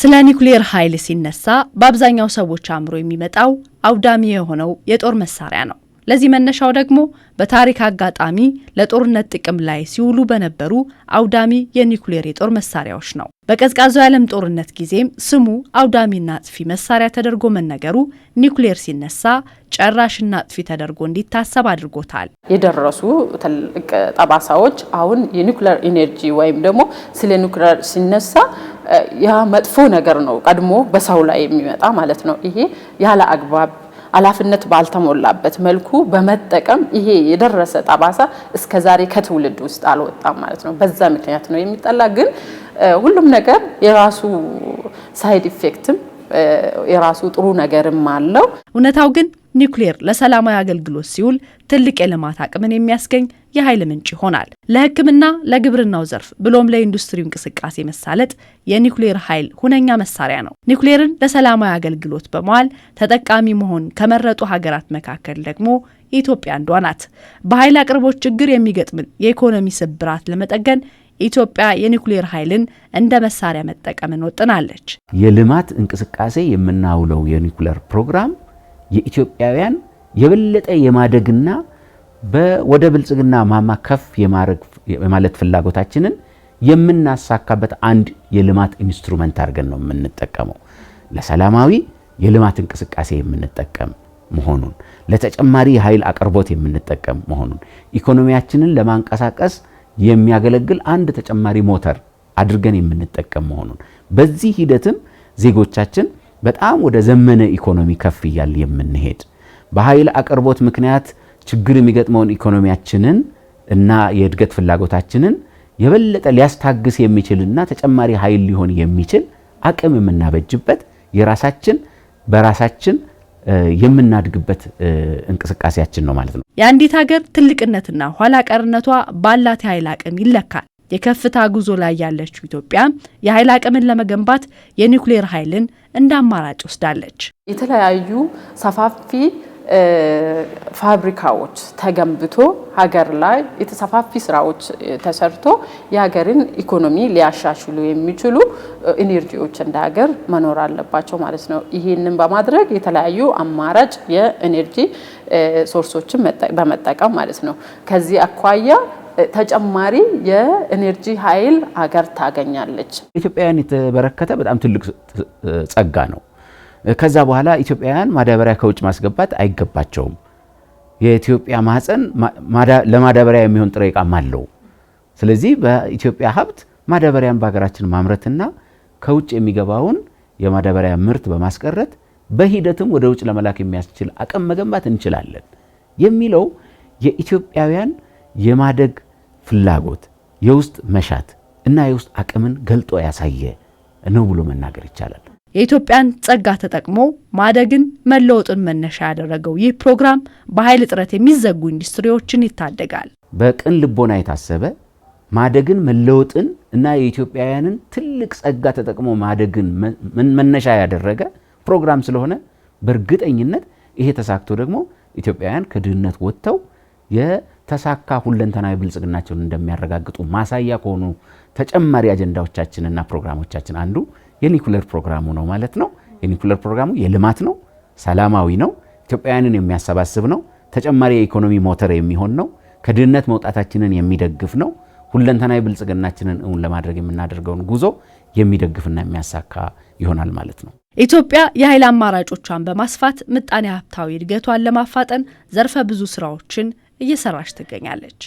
ስለ ኒውክሌር ኃይል ሲነሳ በአብዛኛው ሰዎች አእምሮ የሚመጣው አውዳሚ የሆነው የጦር መሳሪያ ነው። ለዚህ መነሻው ደግሞ በታሪክ አጋጣሚ ለጦርነት ጥቅም ላይ ሲውሉ በነበሩ አውዳሚ የኒውክሌር የጦር መሳሪያዎች ነው። በቀዝቃዛው የዓለም ጦርነት ጊዜም ስሙ አውዳሚና አጥፊ መሳሪያ ተደርጎ መነገሩ ኒውክሌር ሲነሳ ጨራሽና አጥፊ ተደርጎ እንዲታሰብ አድርጎታል። የደረሱ ትልቅ ጠባሳዎች አሁን የኒውክሌር ኢነርጂ ወይም ደግሞ ስለ ኒውክሌር ሲነሳ ያ መጥፎ ነገር ነው ቀድሞ በሰው ላይ የሚመጣ ማለት ነው። ይሄ ያለ አግባብ ኃላፊነት ባልተሞላበት መልኩ በመጠቀም ይሄ የደረሰ ጠባሳ እስከ ዛሬ ከትውልድ ውስጥ አልወጣም ማለት ነው። በዛ ምክንያት ነው የሚጠላ። ግን ሁሉም ነገር የራሱ ሳይድ ኢፌክትም የራሱ ጥሩ ነገርም አለው። እውነታው ግን ኒውክሌር ለሰላማዊ አገልግሎት ሲውል ትልቅ የልማት አቅምን የሚያስገኝ የኃይል ምንጭ ይሆናል። ለሕክምና፣ ለግብርናው ዘርፍ ብሎም ለኢንዱስትሪው እንቅስቃሴ መሳለጥ የኒውክሌር ኃይል ሁነኛ መሳሪያ ነው። ኒውክሌርን ለሰላማዊ አገልግሎት በመዋል ተጠቃሚ መሆን ከመረጡ ሀገራት መካከል ደግሞ ኢትዮጵያ አንዷ ናት። በኃይል አቅርቦት ችግር የሚገጥምን የኢኮኖሚ ስብራት ለመጠገን ኢትዮጵያ የኒውክሌር ኃይልን እንደ መሳሪያ መጠቀምን ወጥናለች። የልማት እንቅስቃሴ የምናውለው የኒውክሌር ፕሮግራም የኢትዮጵያውያን የበለጠ የማደግና ወደ ብልጽግና ማማ ከፍ የማለት ፍላጎታችንን የምናሳካበት አንድ የልማት ኢንስትሩመንት አድርገን ነው የምንጠቀመው። ለሰላማዊ የልማት እንቅስቃሴ የምንጠቀም መሆኑን፣ ለተጨማሪ የኃይል አቅርቦት የምንጠቀም መሆኑን፣ ኢኮኖሚያችንን ለማንቀሳቀስ የሚያገለግል አንድ ተጨማሪ ሞተር አድርገን የምንጠቀም መሆኑን በዚህ ሂደትም ዜጎቻችን በጣም ወደ ዘመነ ኢኮኖሚ ከፍ እያል የምንሄድ በኃይል አቅርቦት ምክንያት ችግር የሚገጥመውን ኢኮኖሚያችንን እና የእድገት ፍላጎታችንን የበለጠ ሊያስታግስ የሚችልና ተጨማሪ ኃይል ሊሆን የሚችል አቅም የምናበጅበት የራሳችን በራሳችን የምናድግበት እንቅስቃሴያችን ነው ማለት ነው። የአንዲት ሀገር ትልቅነትና ኋላ ቀርነቷ ባላት የኃይል አቅም ይለካል። የከፍታ ጉዞ ላይ ያለችው ኢትዮጵያ የኃይል አቅምን ለመገንባት የኒውክሌር ኃይልን እንደ አማራጭ ወስዳለች። የተለያዩ ሰፋፊ ፋብሪካዎች ተገንብቶ ሀገር ላይ የተሰፋፊ ስራዎች ተሰርቶ የሀገርን ኢኮኖሚ ሊያሻሽሉ የሚችሉ ኢነርጂዎች እንደ ሀገር መኖር አለባቸው ማለት ነው። ይህንን በማድረግ የተለያዩ አማራጭ የኢነርጂ ሶርሶችን በመጠቀም ማለት ነው። ከዚህ አኳያ ተጨማሪ የኤኔርጂ ኃይል ሀገር ታገኛለች። ኢትዮጵያውያን የተበረከተ በጣም ትልቅ ጸጋ ነው። ከዛ በኋላ ኢትዮጵያውያን ማዳበሪያ ከውጭ ማስገባት አይገባቸውም። የኢትዮጵያ ማህፀን ለማዳበሪያ የሚሆን ጥሬ ዕቃም አለው። ስለዚህ በኢትዮጵያ ሀብት ማዳበሪያን በሀገራችን ማምረትና ከውጭ የሚገባውን የማዳበሪያ ምርት በማስቀረት በሂደትም ወደ ውጭ ለመላክ የሚያስችል አቅም መገንባት እንችላለን የሚለው የኢትዮጵያውያን የማደግ ፍላጎት፣ የውስጥ መሻት እና የውስጥ አቅምን ገልጦ ያሳየ ነው ብሎ መናገር ይቻላል። የኢትዮጵያን ጸጋ ተጠቅሞ ማደግን መለወጥን መነሻ ያደረገው ይህ ፕሮግራም በኃይል እጥረት የሚዘጉ ኢንዱስትሪዎችን ይታደጋል። በቅን ልቦና የታሰበ ማደግን መለወጥን እና የኢትዮጵያውያንን ትልቅ ጸጋ ተጠቅሞ ማደግን መነሻ ያደረገ ፕሮግራም ስለሆነ በእርግጠኝነት ይሄ ተሳክቶ ደግሞ ኢትዮጵያውያን ከድህነት ወጥተው የተሳካ ሁለንተናዊ ብልጽግናቸውን እንደሚያረጋግጡ ማሳያ ከሆኑ ተጨማሪ አጀንዳዎቻችንና ፕሮግራሞቻችን አንዱ የኒኩለር ፕሮግራሙ ነው ማለት ነው። የኒኩለር ፕሮግራሙ የልማት ነው፣ ሰላማዊ ነው፣ ኢትዮጵያውያንን የሚያሰባስብ ነው፣ ተጨማሪ የኢኮኖሚ ሞተር የሚሆን ነው፣ ከድህነት መውጣታችንን የሚደግፍ ነው፣ ሁለንተናዊ ብልጽግናችንን እውን ለማድረግ የምናደርገውን ጉዞ የሚደግፍና የሚያሳካ ይሆናል ማለት ነው። ኢትዮጵያ የኃይል አማራጮቿን በማስፋት ምጣኔ ሀብታዊ እድገቷን ለማፋጠን ዘርፈ ብዙ ስራዎችን እየሰራች ትገኛለች።